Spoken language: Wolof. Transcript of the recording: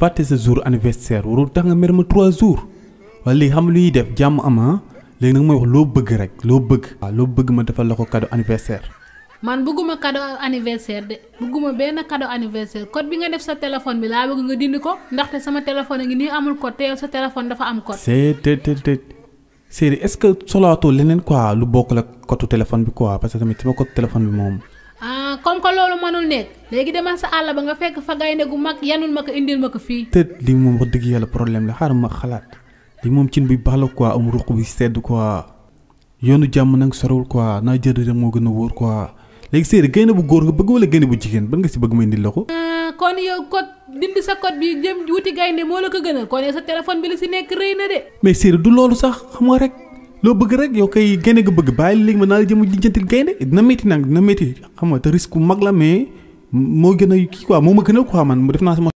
fàtte ce jour anniversaire warul tax nga mer ma jours wala léegi xam luy def jàmm ama ah. léegi nak moy wax lo bëgg rek lo bëgg. waaw loo bëgg ma defal lako cadeau anniversaire. man bëgguma cadeau anniversaire de bëgguma benn cadeau anniversaire code bi nga def sa téléphone bi la bëgg nga dindi ko té sama téléphone a ngi nii amul code té yow sa téléphone dafa am code. c'est te te te est-ce que solato leneen quoi lu bokk la code téléphone bi quoi parce que tamit sama code téléphone bi mom ah comme que loolu mënul nekk léegi demal sa alla ba nga fekk fa gayne gu mak yanul mako indil mako fi te li mom wax deug yalla problème la xaar ma xalat li mom cin bi baax quoi am ruq bi sedd quoi yonu jam nag sorul quoi na jeud rek mo gëna wor quoi legui gayne bu gor nga bëgg wala gayne bu jigen ban nga si bëgg ma indil lako ah, kon yow code dindi sa code bi dem wuti gayne mo la ko gëna kon sa téléphone bi la si nek reyna de mais séeri du loolu sax xam nga rek loo bëgg rek yow kay gaynde nga bëgg bàyyi léegi ma naa la jëm lijjantil gaynde dina métti nag dina métti xam nga te risque bu mag la mais moo gën a kii quoi moo ma gënal quoi man mu def naa sama